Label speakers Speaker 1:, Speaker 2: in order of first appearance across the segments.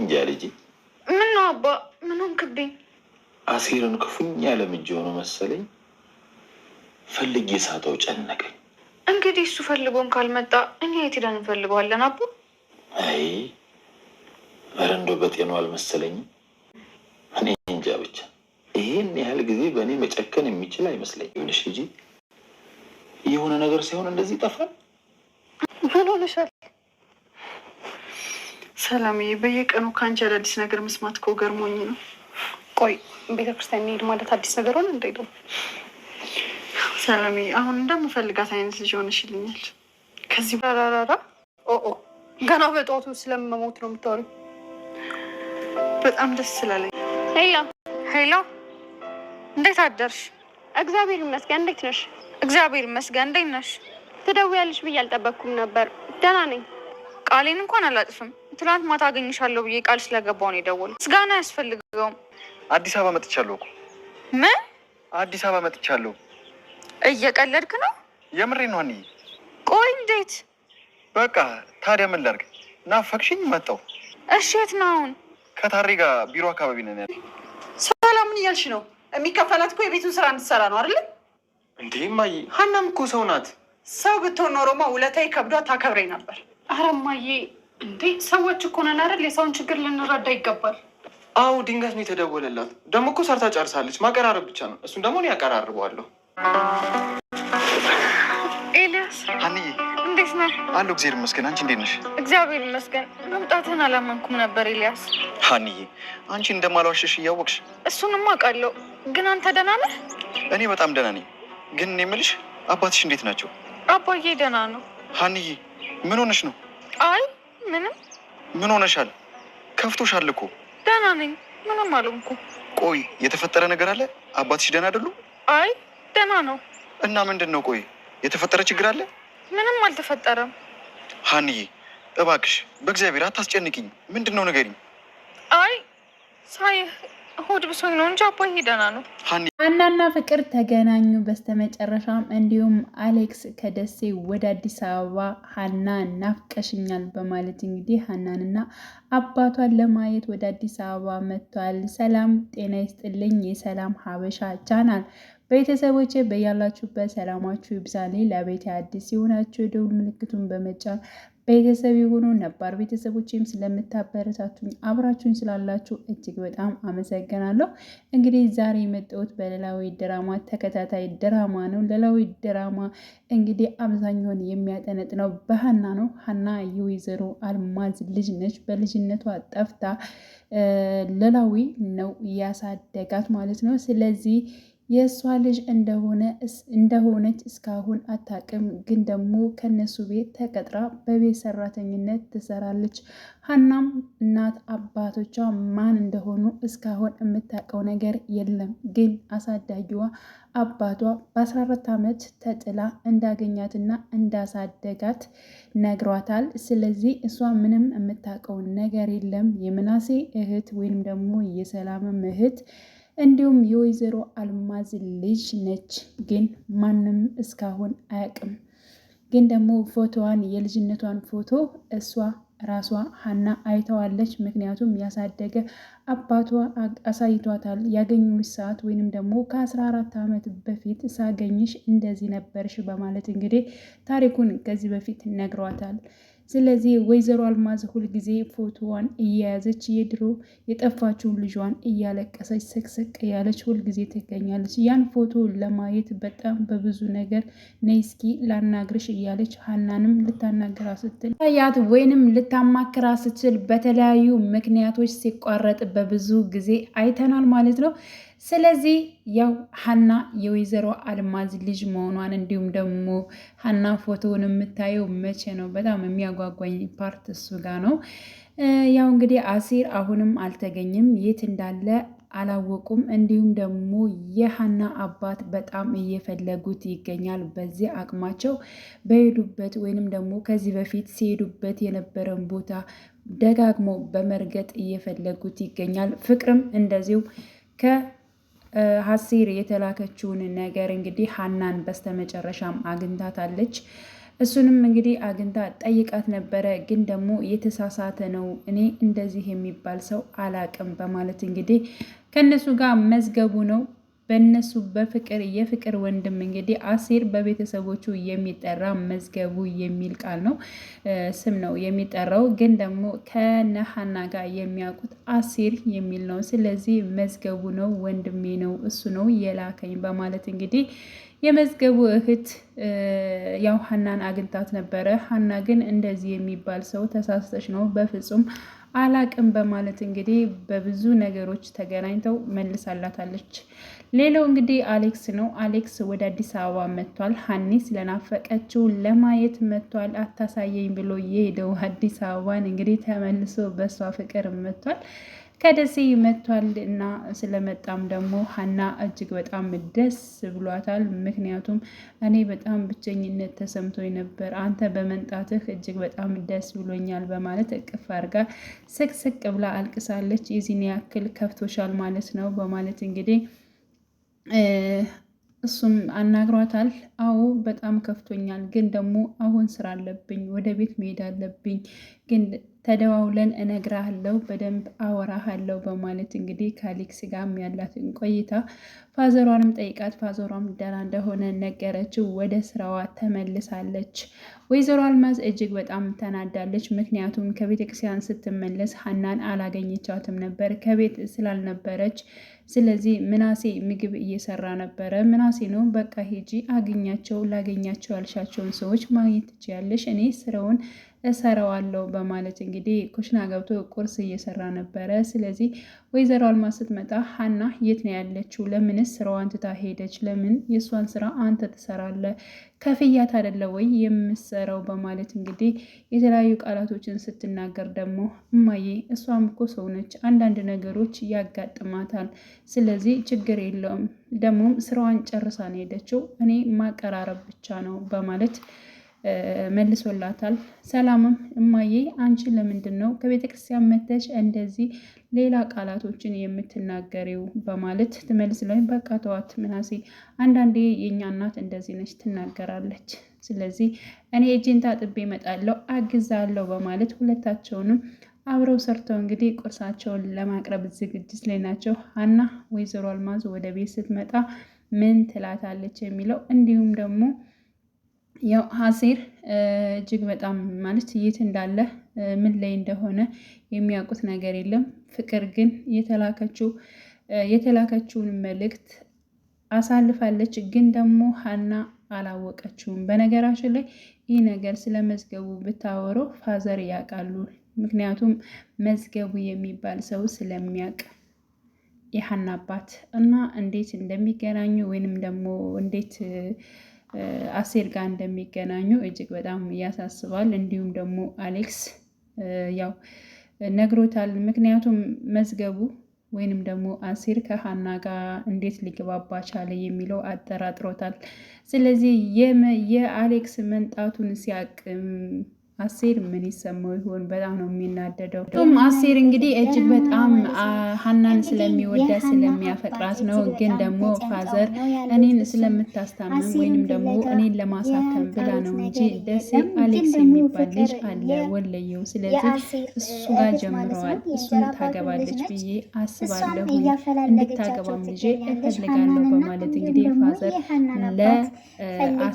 Speaker 1: እንጃ ልጅ
Speaker 2: ምን ነው አባ ምን ሆንክብኝ?
Speaker 1: አሴርን ክፉኛ ለምጄ ነው መሰለኝ ፈልጌ ሳተው ጨነቀኝ።
Speaker 2: እንግዲህ እሱ ፈልጎን ካልመጣ እኛ የት ሄደን እንፈልገዋለን? አቦ
Speaker 1: አይ ኧረ እንደው በጤኑ አልመሰለኝም። እኔ እንጃ ብቻ ይሄን ያህል ጊዜ በእኔ መጨከን የሚችል አይመስለኝ። ይሁንሽ ልጅ የሆነ ነገር ሳይሆን እንደዚህ ይጠፋል።
Speaker 2: ምን ሆነሻል? ሰላምዬ፣ በየቀኑ ከአንቺ አዳዲስ ነገር መስማት እኮ ገርሞኝ ነው። ቆይ ቤተክርስቲያን ሄድ ማለት አዲስ ነገር ሆነ እንደ ሰላምዬ፣ አሁን እንደምፈልጋት አይነት ልጅ ሆነሽልኛል። ከዚህ ራራራ ኦኦ ገና በጠዋቱ ስለመሞት ነው የምታወሪው። በጣም ደስ ስላለኝ። ሄሎ ሄሎ፣ እንዴት አደርሽ? እግዚአብሔር ይመስገን። እንዴት ነሽ? እግዚአብሔር ይመስገን። እንዴት ነሽ? ትደውያለሽ ብዬ አልጠበቅኩም ነበር። ደህና ነኝ። ቃሌን እንኳን አላጥፍም። ትናንት ማታ አገኝሻለሁ ብዬ ቃል ስለገባው ነው የደወለው። ስጋና አያስፈልገውም።
Speaker 3: አዲስ አበባ መጥቻለሁ እኮ። ምን? አዲስ አበባ መጥቻለሁ።
Speaker 2: እየቀለድክ ነው? የምሬ ነው። አንዬ ቆይ፣ እንዴት?
Speaker 3: በቃ ታዲያ ምን ላድርግ? ናፈቅሽኝ፣ መጣሁ።
Speaker 2: እሺ፣ የት ነው አሁን?
Speaker 3: ከታሬ ጋር ቢሮ አካባቢ ነን ያለ።
Speaker 2: ሰላም፣ ምን እያልሽ ነው? የሚከፈላት እኮ የቤቱን ስራ እንድትሰራ ነው አይደለ?
Speaker 3: እንዴ እማዬ፣ ሀናም እኮ ሰው ናት።
Speaker 2: ሰው ብትሆን ኖሮማ ውለታዬ ከብዷ ታከብረኝ ነበር። አረ እማዬ እንዴ ሰዎች እኮ ነን አይደል? የሰውን ችግር ልንረዳ ይገባል።
Speaker 3: አዎ ድንገት ነው የተደወለላት። ደግሞ እኮ ሰርታ ጨርሳለች። ማቀራረብ ብቻ ነው። እሱን ደግሞ እኔ ያቀራርበዋለሁ። ኤልያስ ሀኒዬ፣ እንዴት ነህ? አለሁ እግዚአብሔር ይመስገን። አንቺ እንዴት ነሽ?
Speaker 2: እግዚአብሔር ይመስገን። መምጣትህን አላመንኩም ነበር ኤልያስ።
Speaker 3: ሀኒዬ፣ አንቺ እንደማልዋሸሽ እያወቅሽ።
Speaker 2: እሱንም አውቃለሁ፣ ግን አንተ ደህና ነህ?
Speaker 3: እኔ በጣም ደህና ነኝ። ግን እኔ የምልሽ አባትሽ እንዴት ናቸው?
Speaker 2: አባዬ ደህና ነው።
Speaker 3: ሀኒዬ፣ ምን ሆነሽ ነው?
Speaker 2: አይ ምንም
Speaker 3: ምን ሆነሻል? ከፍቶሻል እኮ።
Speaker 2: ደህና ነኝ፣ ምንም አልሆንኩ።
Speaker 3: ቆይ የተፈጠረ ነገር አለ? አባትሽ ደህና አይደሉ?
Speaker 2: አይ ደህና ነው።
Speaker 3: እና ምንድን ነው? ቆይ የተፈጠረ ችግር አለ?
Speaker 2: ምንም አልተፈጠረም።
Speaker 3: ሀንዬ እባክሽ በእግዚአብሔር አታስጨንቅኝ። ምንድን ነው ንገሪኝ።
Speaker 2: አይ ሳይህ እሑድ ብሶኝ ነው እንጂ አባዬ ደህና ነው።
Speaker 4: ሀናና ፍቅር ተገናኙ። በስተመጨረሻም እንዲሁም አሌክስ ከደሴ ወደ አዲስ አበባ ሀና ናፍቀሽኛል በማለት እንግዲህ ሀናንና አባቷን ለማየት ወደ አዲስ አበባ መጥቷል። ሰላም ጤና ይስጥልኝ። የሰላም ሀበሻ ቻናል ቤተሰቦች በያላችሁበት ሰላማችሁ ይብዛልኝ። ለቤት አዲስ የሆናችሁ የደውል ምልክቱን በመጫን ቤተሰብ የሆኑ ነባር ቤተሰቦችም ስለምታበረታቱኝ አብራችሁኝ ስላላችሁ እጅግ በጣም አመሰግናለሁ። እንግዲህ ዛሬ የመጣሁት በኖላዊ ድራማ ተከታታይ ድራማ ነው። ኖላዊ ድራማ እንግዲህ አብዛኛውን የሚያጠነጥነው በሀና ነው። ሀና የወይዘሮ አልማዝ ልጅ ነች። በልጅነቷ ጠፍታ ኖላዊ ነው ያሳደጋት ማለት ነው። ስለዚህ የእሷ ልጅ እንደሆነች እስካሁን አታውቅም። ግን ደግሞ ከነሱ ቤት ተቀጥራ በቤት ሰራተኝነት ትሰራለች። ሀናም እናት አባቶቿ ማን እንደሆኑ እስካሁን የምታውቀው ነገር የለም። ግን አሳዳጊዋ አባቷ በ14 ዓመት ተጥላ እንዳገኛትና እንዳሳደጋት ነግሯታል። ስለዚህ እሷ ምንም የምታውቀው ነገር የለም። የምናሴ እህት ወይንም ደግሞ የሰላምም እህት እንዲሁም የወይዘሮ አልማዝ ልጅ ነች፣ ግን ማንም እስካሁን አያውቅም። ግን ደግሞ ፎቶዋን የልጅነቷን ፎቶ እሷ ራሷ ሀና አይተዋለች። ምክንያቱም ያሳደገ አባቷ አሳይቷታል። ያገኙች ሰዓት ወይንም ደግሞ ከ14 ዓመት በፊት ሳገኝሽ እንደዚህ ነበርሽ በማለት እንግዲህ ታሪኩን ከዚህ በፊት ነግሯታል። ስለዚህ ወይዘሮ አልማዝ ሁልጊዜ ፎቶዋን እየያዘች የድሮ የጠፋችውን ልጇን እያለቀሰች ስቅስቅ እያለች ሁልጊዜ ትገኛለች። ያን ፎቶ ለማየት በጣም በብዙ ነገር ነይ እስኪ ላናግርሽ እያለች ሀናንም ልታናግራ ስትል ያት ወይንም ልታማክራ ስትል በተለያዩ ምክንያቶች ሲቋረጥ በብዙ ጊዜ አይተናል ማለት ነው። ስለዚህ ያው ሀና የወይዘሮ አልማዝ ልጅ መሆኗን እንዲሁም ደግሞ ሀና ፎቶውን የምታየው መቼ ነው? በጣም የሚያጓጓኝ ፓርት እሱ ጋር ነው። ያው እንግዲህ አሲር አሁንም አልተገኝም የት እንዳለ አላወቁም። እንዲሁም ደግሞ የሀና አባት በጣም እየፈለጉት ይገኛል። በዚህ አቅማቸው በሄዱበት ወይንም ደግሞ ከዚህ በፊት ሲሄዱበት የነበረን ቦታ ደጋግሞ በመርገጥ እየፈለጉት ይገኛል። ፍቅርም እንደዚሁ ከ ሀሴር የተላከችውን ነገር እንግዲህ ሀናን በስተመጨረሻም አግኝታታለች። እሱንም እንግዲህ አግኝታ ጠይቃት ነበረ። ግን ደግሞ የተሳሳተ ነው እኔ እንደዚህ የሚባል ሰው አላቅም በማለት እንግዲህ ከእነሱ ጋር መዝገቡ ነው በእነሱ በፍቅር የፍቅር ወንድም እንግዲህ አሴር በቤተሰቦቹ የሚጠራ መዝገቡ የሚል ቃል ነው ስም ነው የሚጠራው፣ ግን ደግሞ ከነሀና ጋር የሚያውቁት አሴር የሚል ነው። ስለዚህ መዝገቡ ነው ወንድሜ ነው እሱ ነው የላከኝ በማለት እንግዲህ የመዝገቡ እህት ያው ሀናን አግኝታት ነበረ። ሀና ግን እንደዚህ የሚባል ሰው ተሳስተች ነው በፍጹም አላቅም በማለት እንግዲህ በብዙ ነገሮች ተገናኝተው መልሳላታለች። ሌላው እንግዲህ አሌክስ ነው። አሌክስ ወደ አዲስ አበባ መጥቷል። ሀኒ ስለናፈቀችው ለማየት መጥቷል። አታሳየኝ ብሎ የሄደው አዲስ አበባን እንግዲህ ተመልሶ በእሷ ፍቅር መጥቷል። ከደሴ ይመቷል እና ስለመጣም ደግሞ ሀና እጅግ በጣም ደስ ብሏታል። ምክንያቱም እኔ በጣም ብቸኝነት ተሰምቶኝ ነበር፣ አንተ በመምጣትህ እጅግ በጣም ደስ ብሎኛል በማለት እቅፍ አድርጋ ስቅስቅ ብላ አልቅሳለች። የዚህን ያክል ከፍቶሻል ማለት ነው በማለት እንግዲህ እሱም አናግሯታል። አዎ በጣም ከፍቶኛል፣ ግን ደግሞ አሁን ስራ አለብኝ፣ ወደ ቤት መሄድ አለብኝ ግን ተደዋውለን እነግራሃለሁ፣ በደንብ አወራሃለሁ በማለት እንግዲህ ከአሌክስ ጋም ያላትን ቆይታ ፋዘሯንም ጠይቃት፣ ፋዘሯም ደህና እንደሆነ ነገረችው። ወደ ስራዋ ተመልሳለች። ወይዘሮ አልማዝ እጅግ በጣም ተናዳለች። ምክንያቱም ከቤተ ክርስቲያን ስትመለስ ሀናን አላገኘቻትም ነበር ከቤት ስላልነበረች። ስለዚህ ምናሴ ምግብ እየሰራ ነበረ። ምናሴ ነው በቃ ሄጂ አግኛቸው፣ ላገኛቸው ያልሻቸውን ሰዎች ማግኘት ትችያለሽ፣ እኔ ስራውን እሰራዋለሁ በማለት እንግዲህ ኩሽና ገብቶ ቁርስ እየሰራ ነበረ። ስለዚህ ወይዘሮ አልማዝ ስትመጣ ሀና የት ነው ያለችው? ለምንስ ስራዋን ትታ ሄደች? ለምን የእሷን ስራ አንተ ትሰራለህ? ከፍያት አይደለ ወይ የምሰራው? በማለት እንግዲህ የተለያዩ ቃላቶችን ስትናገር ደግሞ እማዬ እሷም እኮ ሰው ነች፣ አንዳንድ ነገሮች ያጋጥማታል። ስለዚህ ችግር የለውም ደግሞም ስራዋን ጨርሳ ነው ሄደችው። እኔ ማቀራረብ ብቻ ነው በማለት መልሶላታል። ሰላምም እማዬ አንቺ ለምንድን ነው ከቤተ ክርስቲያን መተሽ እንደዚህ ሌላ ቃላቶችን የምትናገሪው? በማለት ትመልስ ላይ በቃ ተዋት ምናሴ፣ አንዳንዴ የእኛ እናት እንደዚህ ነች ትናገራለች። ስለዚህ እኔ እጅን ታጥቤ እመጣለሁ አግዛለሁ በማለት ሁለታቸውንም አብረው ሰርተው እንግዲህ ቁርሳቸውን ለማቅረብ ዝግጅት ላይ ናቸው። ሀና ወይዘሮ አልማዝ ወደ ቤት ስትመጣ ምን ትላታለች የሚለው እንዲሁም ደግሞ ያው ሀሴር እጅግ በጣም ማለት የት እንዳለ ምን ላይ እንደሆነ የሚያውቁት ነገር የለም። ፍቅር ግን የተላከችው የተላከችውን መልእክት አሳልፋለች። ግን ደግሞ ሀና አላወቀችውም። በነገራችን ላይ ይህ ነገር ስለ መዝገቡ ብታወረው ፋዘር ያውቃሉ። ምክንያቱም መዝገቡ የሚባል ሰው ስለሚያውቅ የሀና አባት እና እንዴት እንደሚገናኙ ወይንም ደግሞ እንዴት አሴር ጋር እንደሚገናኙ እጅግ በጣም ያሳስባል። እንዲሁም ደግሞ አሌክስ ያው ነግሮታል። ምክንያቱም መዝገቡ ወይንም ደግሞ አሴር ከሀና ጋር እንዴት ሊግባባ ቻለ የሚለው አጠራጥሮታል። ስለዚህ የአሌክስ መንጣቱን ሲያቅም አሴር ምን ይሰማው ይሆን? በጣም ነው የሚናደደው። ም አሴር እንግዲህ እጅግ በጣም ሀናን ስለሚወዳት ስለሚያፈቅራት ነው። ግን ደግሞ ፋዘር እኔን ስለምታስታምም ወይንም ደግሞ እኔን ለማሳከም ብላ ነው እንጂ ደሴ አሌክስ የሚባል ልጅ አለ ወለየው። ስለዚህ እሱ ጋር ጀምረዋል። እሱን ታገባለች ብዬ አስባለሁ። እንድታገባም ልጄ እፈልጋለሁ በማለት እንግዲህ ፋዘር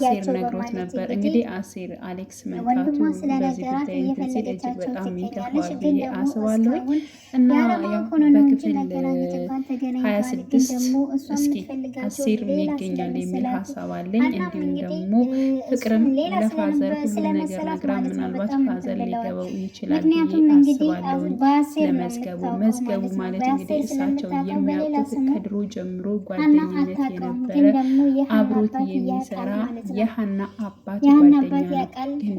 Speaker 4: ለአሴር ነግሮት ነበር። እንግዲህ አሴር አሌክስ መምጣቱ ስለነገራት እየፈለገቻቸው ትገኛለች። ግን ደግሞ እስካሁን ያለማወቅ ሆኖ ነው እንጂ መገናኘት እንኳን ተገናኝተዋል። ግን ደግሞ እሷ የምትፈልጋቸው ሌላ ሌላ ስለመሰላት ማለት ነው። በጣም ምክንያቱም እንግዲህ በአሴር መዝገቡ ማለት እንግዲህ እሳቸው የሚያውቁት ከድሮ ጀምሮ ጓደኝነት የነበረ አብሮት የሚሰራ የሀና አባት ጓደኛ ነው ግን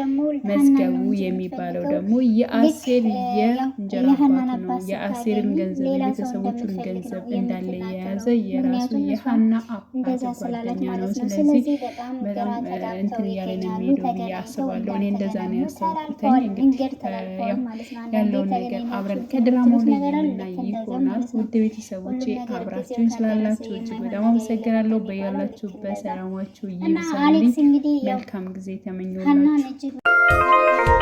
Speaker 4: ደግሞ መዝገቡ የሚባለው ደግሞ የአሴር የእንጀራ አባት ነው። የአሴርን ገንዘብ የቤተሰቦቹን ገንዘብ እንዳለ የያዘ የራሱ የሀና አባት ጓደኛ ነው። ስለዚህ በጣም እንትን እያለ ነው የሚሄደው ብዬ እኔ እንደዛ ነው ያሰብኩትኝ። እንግዲህ ያለውን ነገር አብረን ከድራማው ላይ የምናይ ይሆናል። ውድ ቤተሰቦቼ አብራችሁን ስላላችሁ እጅግ በጣም አመሰግናለሁ። በያላችሁበት ሰላማችሁ ይብዛልኝ። መልካም ጊዜ ተመኘሁላችሁ። Thank you.